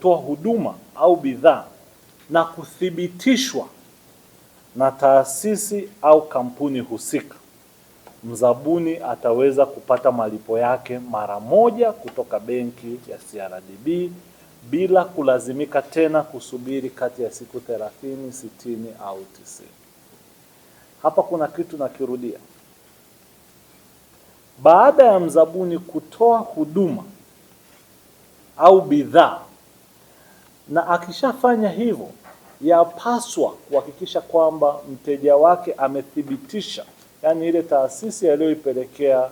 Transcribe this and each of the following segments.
toa huduma au bidhaa na kuthibitishwa na taasisi au kampuni husika, mzabuni ataweza kupata malipo yake mara moja kutoka benki ya CRDB bila kulazimika tena kusubiri kati ya siku 30, 60 au 90. Hapa kuna kitu nakirudia. Baada ya mzabuni kutoa huduma au bidhaa na akishafanya hivyo, yapaswa kuhakikisha kwamba mteja wake amethibitisha, yaani ile taasisi aliyoipelekea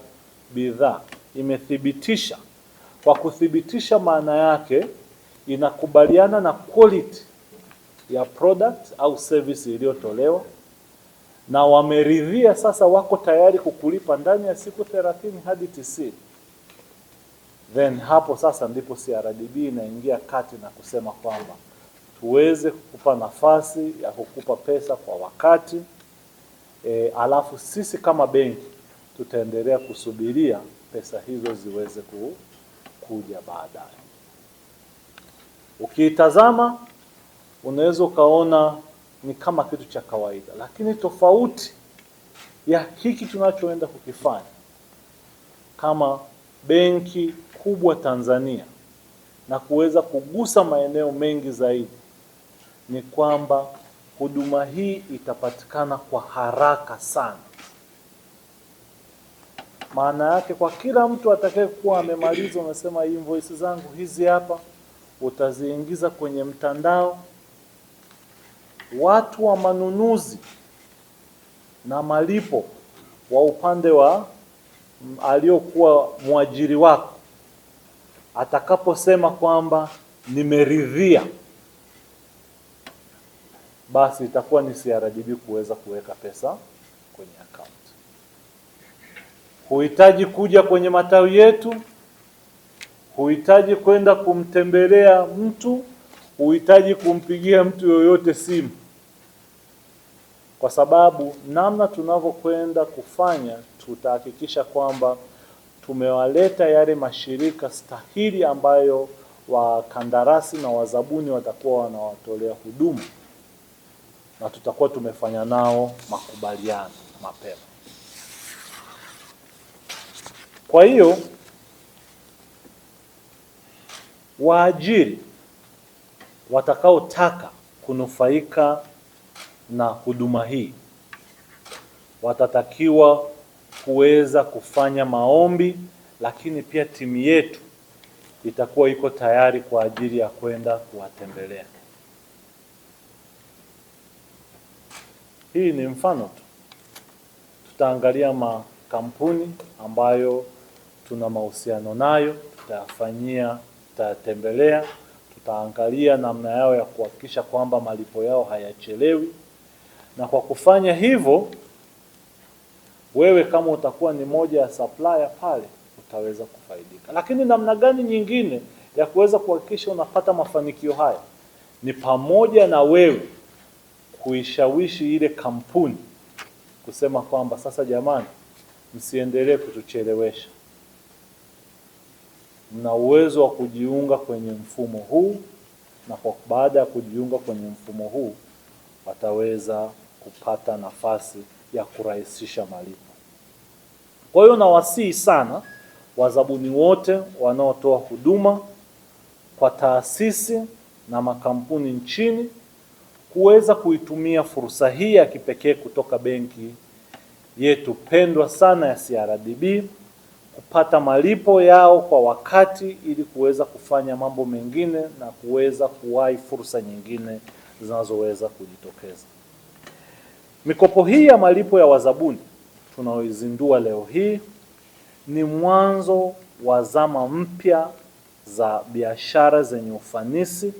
bidhaa imethibitisha. Kwa kuthibitisha, maana yake inakubaliana na quality ya product au service iliyotolewa na wameridhia, sasa wako tayari kukulipa ndani ya siku 30 hadi tisini then hapo sasa ndipo CRDB inaingia kati na kusema kwamba tuweze kukupa nafasi ya kukupa pesa kwa wakati e, alafu sisi kama benki tutaendelea kusubiria pesa hizo ziweze ku, kuja baadaye. Ukiitazama unaweza ukaona ni kama kitu cha kawaida, lakini tofauti ya hiki tunachoenda kukifanya kama benki kubwa Tanzania na kuweza kugusa maeneo mengi zaidi, ni kwamba huduma hii itapatikana kwa haraka sana. Maana yake kwa kila mtu atakayekuwa amemaliza, unasema invoice zangu hizi hapa, utaziingiza kwenye mtandao. Watu wa manunuzi na malipo wa upande wa mm, aliyokuwa mwajiri wako atakaposema kwamba nimeridhia, basi itakuwa ni CRDB kuweza kuweka pesa kwenye akaunti. Huhitaji kuja kwenye matawi yetu, huhitaji kwenda kumtembelea mtu, huhitaji kumpigia mtu yoyote simu, kwa sababu namna tunavyokwenda kufanya tutahakikisha kwamba tumewaleta yale mashirika stahili ambayo wakandarasi na wazabuni watakuwa wanawatolea huduma na tutakuwa tumefanya nao makubaliano mapema. Kwa hiyo waajiri watakaotaka kunufaika na huduma hii watatakiwa kuweza kufanya maombi, lakini pia timu yetu itakuwa iko tayari kwa ajili ya kwenda kuwatembelea. Hii ni mfano tu, tutaangalia makampuni ambayo tuna mahusiano nayo, tutayafanyia, tutayatembelea, tutaangalia namna yao ya kuhakikisha kwamba malipo yao hayachelewi, na kwa kufanya hivyo wewe kama utakuwa ni moja ya supplier pale utaweza kufaidika. Lakini namna gani nyingine ya kuweza kuhakikisha unapata mafanikio haya ni pamoja na wewe kuishawishi ile kampuni kusema kwamba sasa, jamani, msiendelee kutuchelewesha, mna uwezo wa kujiunga kwenye mfumo huu, na kwa baada ya kujiunga kwenye mfumo huu wataweza kupata nafasi ya kurahisisha malipo. Kwa hiyo nawasihi sana wazabuni wote wanaotoa huduma kwa taasisi na makampuni nchini kuweza kuitumia fursa hii ya kipekee kutoka benki yetu pendwa sana ya CRDB kupata malipo yao kwa wakati ili kuweza kufanya mambo mengine na kuweza kuwahi fursa nyingine zinazoweza kujitokeza. Mikopo hii ya malipo ya wazabuni tunaoizindua leo hii ni mwanzo wa zama mpya za biashara zenye ufanisi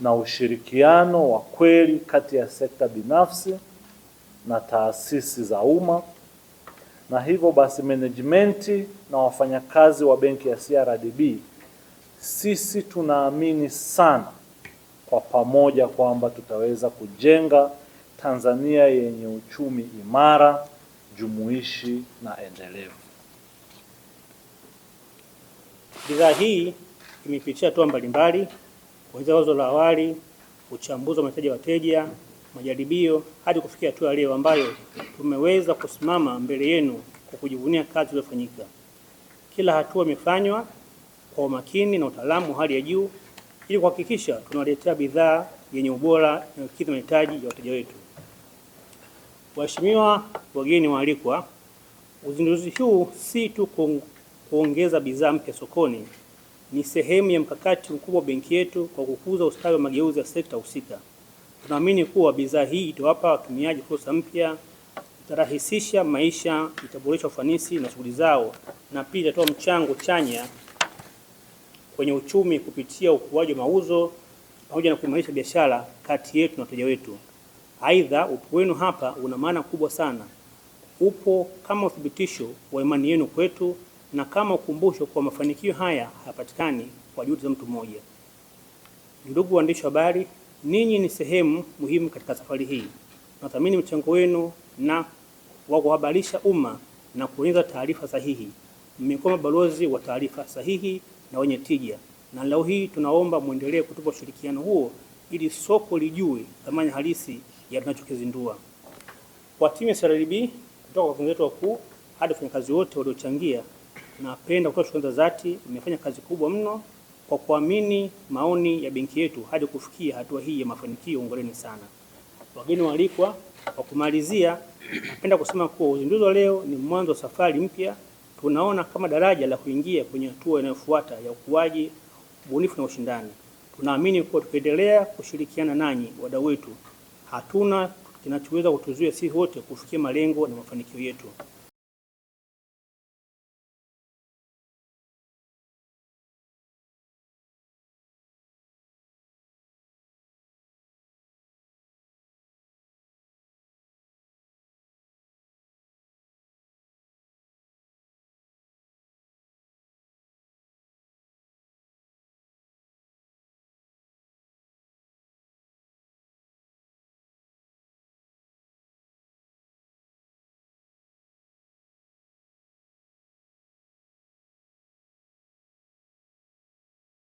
na ushirikiano wa kweli kati ya sekta binafsi na taasisi za umma, na hivyo basi management na wafanyakazi wa benki ya CRDB, sisi tunaamini sana kwa pamoja kwamba tutaweza kujenga Tanzania yenye uchumi imara, jumuishi na endelevu. Bidhaa hii imepitia hatua mbalimbali kuanzia wazo la awali, uchambuzi wa mahitaji ya wateja, majaribio hadi kufikia hatua leo ambayo tumeweza kusimama mbele yenu kwa kujivunia kazi iliyofanyika. Kila hatua imefanywa kwa umakini na utaalamu wa hali ya juu ili kuhakikisha tunawaletea bidhaa yenye ubora na mahitaji ya wateja wetu. Waheshimiwa wageni waalikwa, uzinduzi huu si tu kuongeza bidhaa mpya sokoni, ni sehemu ya mkakati mkubwa wa benki yetu kwa kukuza ustawi wa mageuzi ya sekta husika. Tunaamini kuwa bidhaa hii itawapa watumiaji fursa mpya, itarahisisha maisha, itaboresha ufanisi na shughuli zao, na pia itatoa mchango chanya kwenye uchumi kupitia ukuaji wa mauzo pamoja na kuimarisha biashara kati yetu na wateja wetu. Aidha, upo wenu hapa una maana kubwa sana. Upo kama uthibitisho wa imani yenu kwetu na kama ukumbusho kwa mafanikio haya hayapatikani kwa juhudi za mtu mmoja. Ndugu waandishi wa habari, ninyi ni sehemu muhimu katika safari hii. Nathamini mchango wenu na wa kuhabarisha umma na kueneza taarifa sahihi. Mmekuwa mabalozi wa taarifa sahihi na wenye tija, na leo hii tunaomba muendelee kutupa ushirikiano huo ili soko lijue thamani halisi ya tunachokizindua. Kwa timu ya CRDB kutoka kwa wakurugenzi wetu wakuu hadi wafanyakazi wote waliochangia, napenda kutoa shukrani za dhati. Mmefanya kazi kubwa mno kwa kuamini maoni ya benki yetu hadi kufikia hatua hii ya mafanikio. Hongereni sana wageni waalikwa. Kwa kumalizia, napenda kusema kuwa uzinduzi wa leo ni mwanzo wa safari mpya. Tunaona kama daraja la kuingia kwenye hatua inayofuata ya ukuaji, ubunifu na ushindani. Tunaamini kuwa tukiendelea kushirikiana nanyi wadau wetu hatuna kinachoweza kutuzuia sisi wote kufikia malengo na mafanikio yetu.